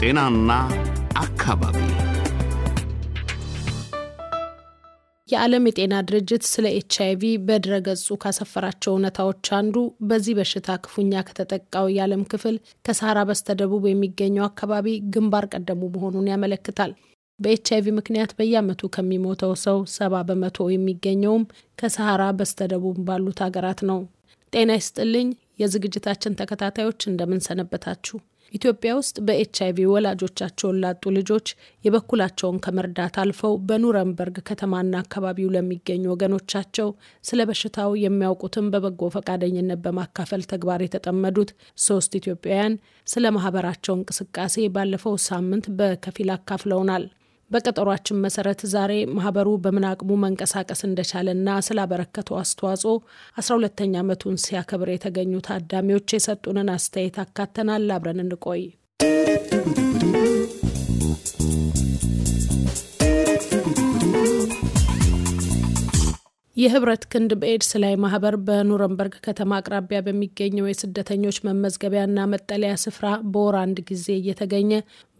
ጤናና አካባቢ የዓለም የጤና ድርጅት ስለ ኤች አይቪ በድረገጹ ካሰፈራቸው እውነታዎች አንዱ በዚህ በሽታ ክፉኛ ከተጠቃው የዓለም ክፍል ከሳህራ በስተደቡብ የሚገኘው አካባቢ ግንባር ቀደሙ መሆኑን ያመለክታል። በኤች አይቪ ምክንያት በየዓመቱ ከሚሞተው ሰው ሰባ በመቶ የሚገኘውም ከሳህራ በስተደቡብ ባሉት ሀገራት ነው። ጤና ይስጥልኝ የዝግጅታችን ተከታታዮች እንደምንሰነበታችሁ ኢትዮጵያ ውስጥ በኤች አይቪ ወላጆቻቸውን ላጡ ልጆች የበኩላቸውን ከመርዳት አልፈው በኑረንበርግ ከተማና አካባቢው ለሚገኙ ወገኖቻቸው ስለ በሽታው የሚያውቁትን በበጎ ፈቃደኝነት በማካፈል ተግባር የተጠመዱት ሶስት ኢትዮጵያውያን ስለ ማህበራቸው እንቅስቃሴ ባለፈው ሳምንት በከፊል አካፍለውናል። በቀጠሯችን መሰረት ዛሬ ማህበሩ በምን አቅሙ መንቀሳቀስ እንደቻለና ስላበረከተው አስተዋጽኦ አስራ ሁለተኛ ዓመቱን ሲያከብር የተገኙ ታዳሚዎች የሰጡንን አስተያየት አካተናል። አብረን እንቆይ። የህብረት ክንድ በኤድስ ላይ ማህበር በኑረንበርግ ከተማ አቅራቢያ በሚገኘው የስደተኞች መመዝገቢያና መጠለያ ስፍራ በወር አንድ ጊዜ እየተገኘ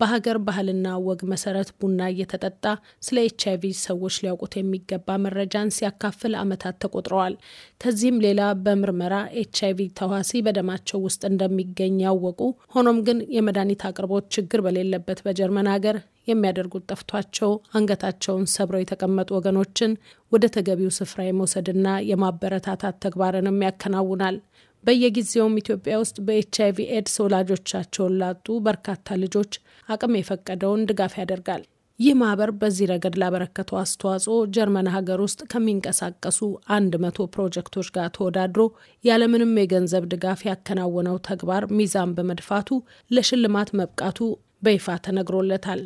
በሀገር ባህልና ወግ መሰረት ቡና እየተጠጣ ስለ ኤች አይቪ ሰዎች ሊያውቁት የሚገባ መረጃን ሲያካፍል ዓመታት ተቆጥረዋል። ከዚህም ሌላ በምርመራ ኤች አይቪ ተዋሲ በደማቸው ውስጥ እንደሚገኝ ያወቁ፣ ሆኖም ግን የመድኃኒት አቅርቦት ችግር በሌለበት በጀርመን ሀገር የሚያደርጉት ጠፍቷቸው አንገታቸውን ሰብረው የተቀመጡ ወገኖችን ወደ ተገቢው ስፍራ የመውሰድና የማበረታታት ተግባርንም ያከናውናል። በየጊዜውም ኢትዮጵያ ውስጥ በኤች አይቪ ኤድስ ወላጆቻቸውን ላጡ በርካታ ልጆች አቅም የፈቀደውን ድጋፍ ያደርጋል። ይህ ማህበር በዚህ ረገድ ላበረከተው አስተዋጽኦ ጀርመን ሀገር ውስጥ ከሚንቀሳቀሱ አንድ መቶ ፕሮጀክቶች ጋር ተወዳድሮ ያለምንም የገንዘብ ድጋፍ ያከናወነው ተግባር ሚዛን በመድፋቱ ለሽልማት መብቃቱ በይፋ ተነግሮለታል።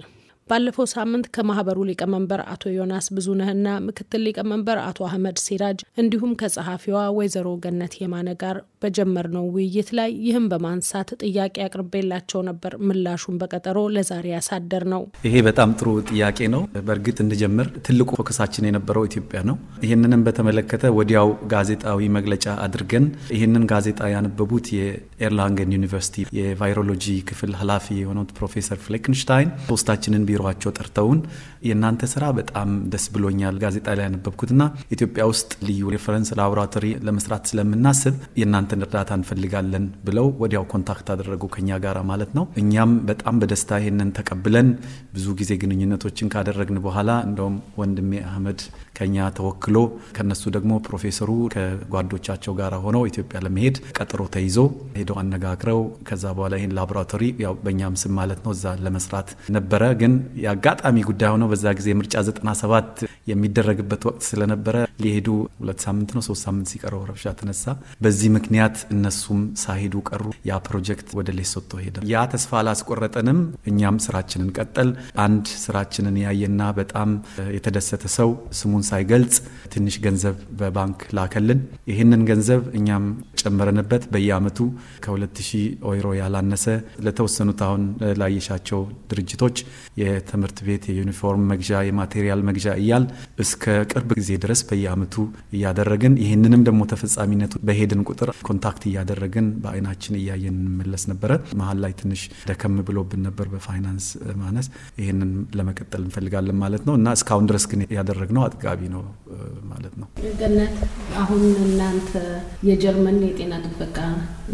ባለፈው ሳምንት ከማህበሩ ሊቀመንበር አቶ ዮናስ ብዙነህና ምክትል ሊቀመንበር አቶ አህመድ ሲራጅ እንዲሁም ከጸሐፊዋ ወይዘሮ ገነት የማነ ጋር በጀመርነው ውይይት ላይ ይህም በማንሳት ጥያቄ አቅርቤላቸው ነበር። ምላሹን በቀጠሮ ለዛሬ ያሳደር ነው። ይሄ በጣም ጥሩ ጥያቄ ነው። በእርግጥ እንጀምር፣ ትልቁ ፎከሳችን የነበረው ኢትዮጵያ ነው። ይህንንም በተመለከተ ወዲያው ጋዜጣዊ መግለጫ አድርገን ይህንን ጋዜጣ ያነበቡት የኤርላንገን ዩኒቨርሲቲ የቫይሮሎጂ ክፍል ኃላፊ የሆኑት ፕሮፌሰር ፍሌክንሽታይን ሶስታችንን ቢሮ ቢሮቸው ጠርተውን የእናንተ ስራ በጣም ደስ ብሎኛል ጋዜጣ ላይ ያነበብኩትና ኢትዮጵያ ውስጥ ልዩ ሬፈረንስ ላቦራቶሪ ለመስራት ስለምናስብ የእናንተን እርዳታ እንፈልጋለን ብለው ወዲያው ኮንታክት አደረጉ ከኛ ጋር ማለት ነው። እኛም በጣም በደስታ ይህንን ተቀብለን ብዙ ጊዜ ግንኙነቶችን ካደረግን በኋላ እንደውም ወንድሜ አህመድ ከኛ ተወክሎ ከነሱ ደግሞ ፕሮፌሰሩ ከጓዶቻቸው ጋር ሆነው ኢትዮጵያ ለመሄድ ቀጠሮ ተይዞ ሄደው አነጋግረው ከዛ በኋላ ይህን ላቦራቶሪ ያው በእኛም ስም ማለት ነው እዛ ለመስራት ነበረ። ግን የአጋጣሚ ጉዳይ ሆነው በዛ ጊዜ ምርጫ 97 የሚደረግበት ወቅት ስለነበረ ሊሄዱ ሁለት ሳምንት ነው ሶስት ሳምንት ሲቀረው ረብሻ ተነሳ። በዚህ ምክንያት እነሱም ሳሄዱ ቀሩ። ያ ፕሮጀክት ወደ ሌሶቶ ሄደ። ያ ተስፋ አላስቆረጠንም። እኛም ስራችንን ቀጠል። አንድ ስራችንን ያየና በጣም የተደሰተ ሰው ስሙን ሳይገልጽ ትንሽ ገንዘብ በባንክ ላከልን። ይህንን ገንዘብ እኛም ጨመረንበት። በየአመቱ ከ2000 ኦይሮ ያላነሰ ለተወሰኑት አሁን ላየሻቸው ድርጅቶች የትምህርት ቤት የዩኒፎርም መግዣ፣ የማቴሪያል መግዣ እያል እስከ ቅርብ ጊዜ ድረስ በየአመቱ እያደረግን ይህንንም ደግሞ ተፈጻሚነቱ በሄድን ቁጥር ኮንታክት እያደረግን በአይናችን እያየን እንመለስ ነበረ። መሀል ላይ ትንሽ ደከም ብሎብን ነበር በፋይናንስ ማነስ። ይህንን ለመቀጠል እንፈልጋለን ማለት ነው እና እስካሁን ድረስ ግን ያደረግነው አጥጋቢ ነው ማለት ነው። ገነት፣ አሁን እናንተ የጀርመን የጤና ጥበቃ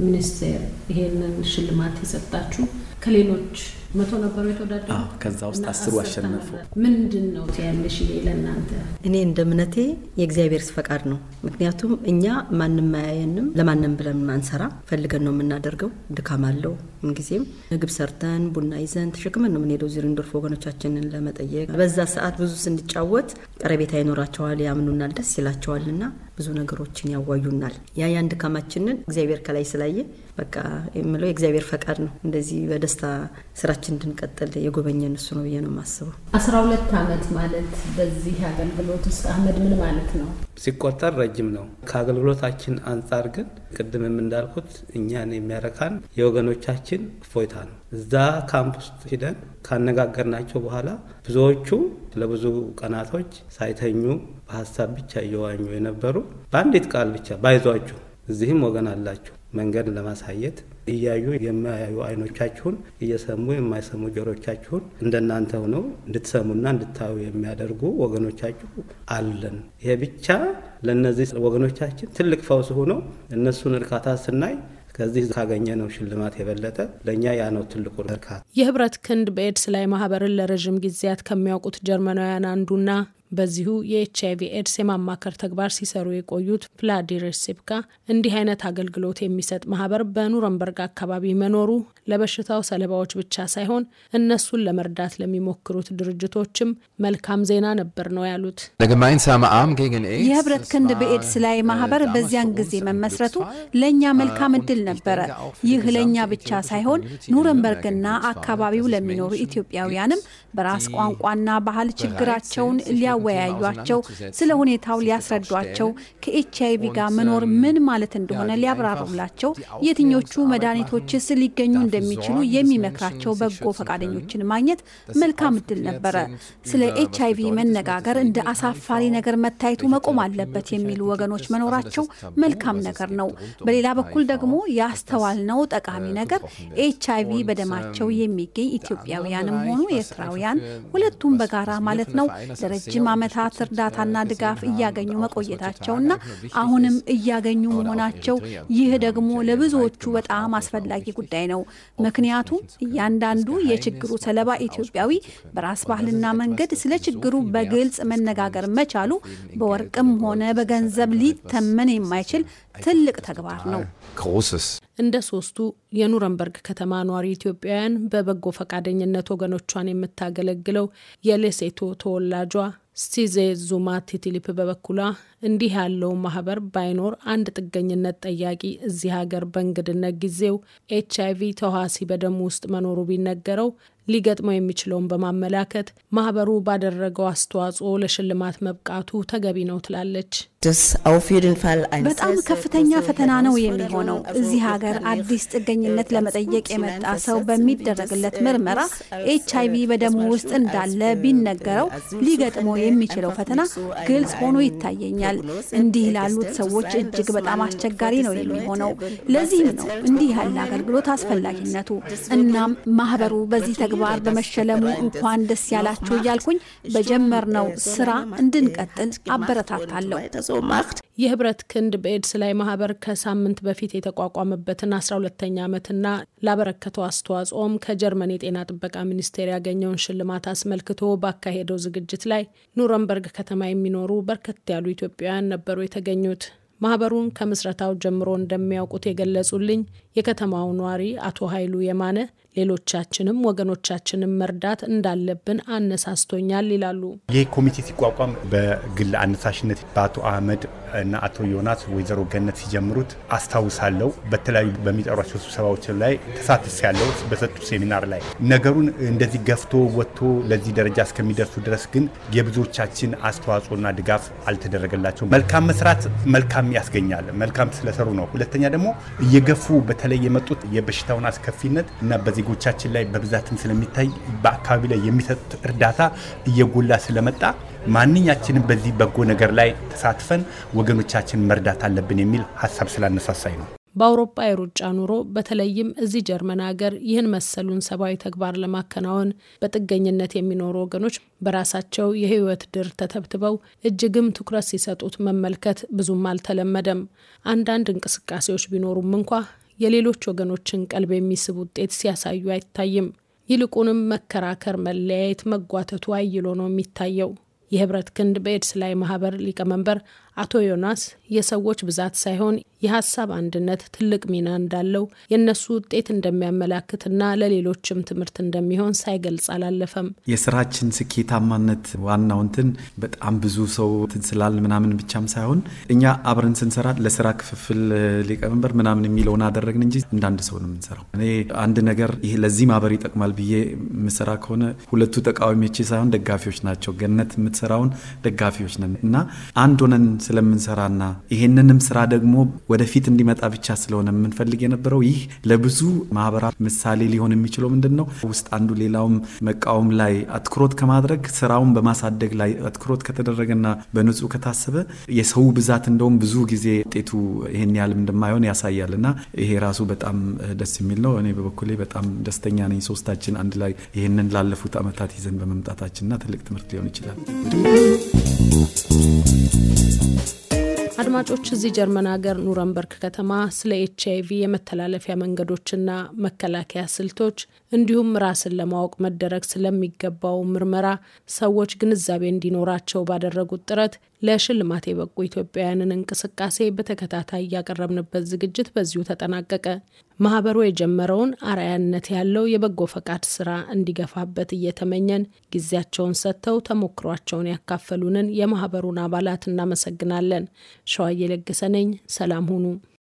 ሚኒስቴር ይሄንን ሽልማት የሰጣችሁ ከሌሎች መቶ ነበሩ የተወዳደሩ። ከዛ ውስጥ አስሩ አሸነፉ። ምንድን ነው ያለሽ ለእናንተ? እኔ እንደ እምነቴ የእግዚአብሔር ፈቃድ ነው። ምክንያቱም እኛ ማንም አያየንም፣ ለማንም ብለን አንሰራ፣ ፈልገን ነው የምናደርገው። ድካም አለው ምንጊዜም ምግብ ሰርተን ቡና ይዘን ተሸክመን ነው የምንሄደው ዚርንዶርፍ ወገኖቻችንን ለመጠየቅ። በዛ ሰዓት ብዙ ስንጫወት ቀረቤታ ይኖራቸዋል፣ ያምኑናል፣ ደስ ይላቸዋል ና ብዙ ነገሮችን ያዋዩናል። ያ ያን ድካማችንን እግዚአብሔር ከላይ ስላየ በቃ የምለው የእግዚአብሔር ፈቃድ ነው። እንደዚህ በደስታ ስራችን እንድንቀጥል የጎበኘን እሱ ነው ብዬ ነው የማስበው። አስራ ሁለት አመት ማለት በዚህ አገልግሎት ውስጥ አህመድ ምን ማለት ነው? ሲቆጠር ረጅም ነው። ከአገልግሎታችን አንጻር ግን ቅድምም እንዳልኩት እኛን የሚያረካን የወገኖቻችን እፎይታ ነው። እዛ ካምፕ ውስጥ ሂደን ካነጋገርናቸው በኋላ ብዙዎቹ ለብዙ ቀናቶች ሳይተኙ በሀሳብ ብቻ እየዋኙ የነበሩ በአንዲት ቃል ብቻ ባይዟችሁ፣ እዚህም ወገን አላችሁ መንገድ ለማሳየት እያዩ የማያዩ አይኖቻችሁን፣ እየሰሙ የማይሰሙ ጆሮቻችሁን እንደናንተ ሆነው እንድትሰሙና እንድታዩ የሚያደርጉ ወገኖቻችሁ አለን። ይሄ ብቻ ለእነዚህ ወገኖቻችን ትልቅ ፈውስ ሆኖ እነሱን እርካታ ስናይ ከዚህ ነው ሽልማት የበለጠ ለእኛ ያ ነው ትልቁ እርካታ። የህብረት ክንድ በኤድስ ላይ ማህበርን ለረዥም ጊዜያት ከሚያውቁት ጀርመናውያን አንዱና በዚሁ የኤች አይቪ ኤድስ የማማከር ተግባር ሲሰሩ የቆዩት ቭላዲር ሲፕካ እንዲህ አይነት አገልግሎት የሚሰጥ ማህበር በኑረንበርግ አካባቢ መኖሩ ለበሽታው ሰለባዎች ብቻ ሳይሆን እነሱን ለመርዳት ለሚሞክሩት ድርጅቶችም መልካም ዜና ነበር ነው ያሉት። የህብረት ክንድ በኤድስ ላይ ማህበር በዚያን ጊዜ መመስረቱ ለእኛ መልካም እድል ነበረ። ይህ ለእኛ ብቻ ሳይሆን ኑረንበርግና አካባቢው ለሚኖሩ ኢትዮጵያውያንም በራስ ቋንቋና ባህል ችግራቸውን ሊያ ሊያወያዩቸው፣ ስለ ሁኔታው ሊያስረዷቸው፣ ከኤች ቪ ጋር መኖር ምን ማለት እንደሆነ ሊያብራሩላቸው፣ የትኞቹ መድኃኒቶችስ ሊገኙ እንደሚችሉ የሚመክራቸው በጎ ፈቃደኞችን ማግኘት መልካም እድል ነበረ። ስለ ኤች አይቪ መነጋገር እንደ አሳፋሪ ነገር መታየቱ መቆም አለበት የሚሉ ወገኖች መኖራቸው መልካም ነገር ነው። በሌላ በኩል ደግሞ ያስተዋልነው ጠቃሚ ነገር ኤች አይቪ በደማቸው የሚገኝ ኢትዮጵያውያንም ሆኑ ኤርትራውያን ሁለቱም በጋራ ማለት ነው ለረጅም ለረጅም ዓመታት እርዳታና ድጋፍ እያገኙ መቆየታቸውና አሁንም እያገኙ መሆናቸው ይህ ደግሞ ለብዙዎቹ በጣም አስፈላጊ ጉዳይ ነው። ምክንያቱም እያንዳንዱ የችግሩ ሰለባ ኢትዮጵያዊ በራስ ባህልና መንገድ ስለ ችግሩ በግልጽ መነጋገር መቻሉ በወርቅም ሆነ በገንዘብ ሊተመን የማይችል ትልቅ ተግባር ነው። እንደ ሶስቱ የኑረንበርግ ከተማ ኗሪ ኢትዮጵያውያን በበጎ ፈቃደኝነት ወገኖቿን የምታገለግለው የሌሴቶ ተወላጇ ስቲዜ ዙማ ቲቲሊፕ በበኩሏ እንዲህ ያለው ማህበር ባይኖር አንድ ጥገኝነት ጠያቂ እዚህ ሀገር በእንግድነት ጊዜው ኤች አይቪ ተዋሲ በደሙ ውስጥ መኖሩ ቢነገረው ሊገጥመው የሚችለውን በማመላከት ማህበሩ ባደረገው አስተዋጽኦ ለሽልማት መብቃቱ ተገቢ ነው ትላለች። በጣም ከፍተኛ ፈተና ነው የሚሆነው። እዚህ ሀገር አዲስ ጥገኝነት äh, ለመጠየቅ የመጣ ሰው በሚደረግለት äh, ምርመራ ኤች አይቪ äh, በደሙ ውስጥ እንዳለ ቢነገረው ሊገጥመው የሚችለው ፈተና ግልጽ ሆኖ ይታየኛል። እንዲህ ላሉት ሰዎች እጅግ በጣም አስቸጋሪ ነው የሚሆነው። ለዚህም ነው እንዲህ ያለ አገልግሎት አስፈላጊነቱ። እናም ማህበሩ በዚህ ተግ ተግባር በመሸለሙ እንኳን ደስ ያላችሁ እያልኩኝ በጀመርነው ስራ እንድንቀጥል አበረታታለሁ። የህብረት ክንድ በኤድስ ላይ ማህበር ከሳምንት በፊት የተቋቋመበትን አስራ ሁለተኛ ዓመትና ላበረከተው አስተዋጽኦም ከጀርመን የጤና ጥበቃ ሚኒስቴር ያገኘውን ሽልማት አስመልክቶ ባካሄደው ዝግጅት ላይ ኑረምበርግ ከተማ የሚኖሩ በርከት ያሉ ኢትዮጵያውያን ነበሩ የተገኙት። ማህበሩን ከምስረታው ጀምሮ እንደሚያውቁት የገለጹልኝ የከተማው ነዋሪ አቶ ኃይሉ የማነ ሌሎቻችንም ወገኖቻችንም መርዳት እንዳለብን አነሳስቶኛል ይላሉ። ይህ ኮሚቴ ሲቋቋም በግል አነሳሽነት በአቶ አህመድ እና አቶ ዮናስ ወይዘሮ ገነት ሲጀምሩት አስታውሳለሁ። በተለያዩ በሚጠሯቸው ስብሰባዎች ላይ ተሳትፍ ያለው በሰጡ ሴሚናር ላይ ነገሩን እንደዚህ ገፍቶ ወጥቶ ለዚህ ደረጃ እስከሚደርሱ ድረስ ግን የብዙዎቻችን አስተዋጽኦና ድጋፍ አልተደረገላቸው መልካም መስራት መልካም ያስገኛል። መልካም ስለሰሩ ነው። ሁለተኛ ደግሞ እየገፉ በተለይ የመጡት የበሽታውን አስከፊነት እና በዚህ ዜጎቻችን ላይ በብዛትም ስለሚታይ በአካባቢ ላይ የሚሰጡት እርዳታ እየጎላ ስለመጣ ማንኛችንም በዚህ በጎ ነገር ላይ ተሳትፈን ወገኖቻችን መርዳት አለብን የሚል ሀሳብ ስላነሳሳይ ነው። በአውሮፓ የሩጫ ኑሮ በተለይም እዚህ ጀርመን ሀገር ይህን መሰሉን ሰብአዊ ተግባር ለማከናወን በጥገኝነት የሚኖሩ ወገኖች በራሳቸው የህይወት ድር ተተብትበው እጅግም ትኩረት ሲሰጡት መመልከት ብዙም አልተለመደም። አንዳንድ እንቅስቃሴዎች ቢኖሩም እንኳ የሌሎች ወገኖችን ቀልብ የሚስብ ውጤት ሲያሳዩ አይታይም። ይልቁንም መከራከር፣ መለያየት፣ መጓተቱ አይሎ ነው የሚታየው። የህብረት ክንድ በኤድስ ላይ ማህበር ሊቀመንበር አቶ ዮናስ የሰዎች ብዛት ሳይሆን የሀሳብ አንድነት ትልቅ ሚና እንዳለው የእነሱ ውጤት እንደሚያመላክትና ለሌሎችም ትምህርት እንደሚሆን ሳይገልጽ አላለፈም። የስራችን ስኬታማነት ዋናው እንትን በጣም ብዙ ሰው እንትን ስላል ምናምን ብቻም ሳይሆን እኛ አብረን ስንሰራ ለስራ ክፍፍል ሊቀመንበር ምናምን የሚለውን አደረግን እንጂ እንዳንድ ሰው ነው የምንሰራው። እኔ አንድ ነገር ይሄ ለዚህ ማህበር ይጠቅማል ብዬ የምሰራ ከሆነ ሁለቱ ተቃዋሚዎች ሳይሆን ደጋፊዎች ናቸው። ገነት የምትሰራውን ደጋፊዎች ነን እና አንድ ሆነን ስለምንሰራና ይሄንንም ስራ ደግሞ ወደፊት እንዲመጣ ብቻ ስለሆነ የምንፈልግ የነበረው ይህ ለብዙ ማህበራት ምሳሌ ሊሆን የሚችለው ምንድን ነው ውስጥ አንዱ ሌላውም መቃወም ላይ አትኩሮት ከማድረግ ስራውን በማሳደግ ላይ አትኩሮት ከተደረገና በንጹህ ከታሰበ የሰው ብዛት እንደውም ብዙ ጊዜ ውጤቱ ይህን ያህል እንደማይሆን ያሳያል እና ይሄ ራሱ በጣም ደስ የሚል ነው። እኔ በበኩሌ በጣም ደስተኛ ነኝ። ሶስታችን አንድ ላይ ይህንን ላለፉት አመታት ይዘን በመምጣታችንና ትልቅ ትምህርት ሊሆን ይችላል። አድማጮች እዚህ ጀርመን ሀገር ኑረንበርግ ከተማ ስለ ኤች አይቪ የመተላለፊያ መንገዶችና መከላከያ ስልቶች እንዲሁም ራስን ለማወቅ መደረግ ስለሚገባው ምርመራ ሰዎች ግንዛቤ እንዲኖራቸው ባደረጉት ጥረት ለሽልማት የበቁ ኢትዮጵያውያንን እንቅስቃሴ በተከታታይ ያቀረብንበት ዝግጅት በዚሁ ተጠናቀቀ። ማህበሩ የጀመረውን አርአያነት ያለው የበጎ ፈቃድ ስራ እንዲገፋበት እየተመኘን ጊዜያቸውን ሰጥተው ተሞክሯቸውን ያካፈሉንን የማህበሩን አባላት እናመሰግናለን። ሸዋዬ ለገሰ ነኝ። ሰላም ሁኑ።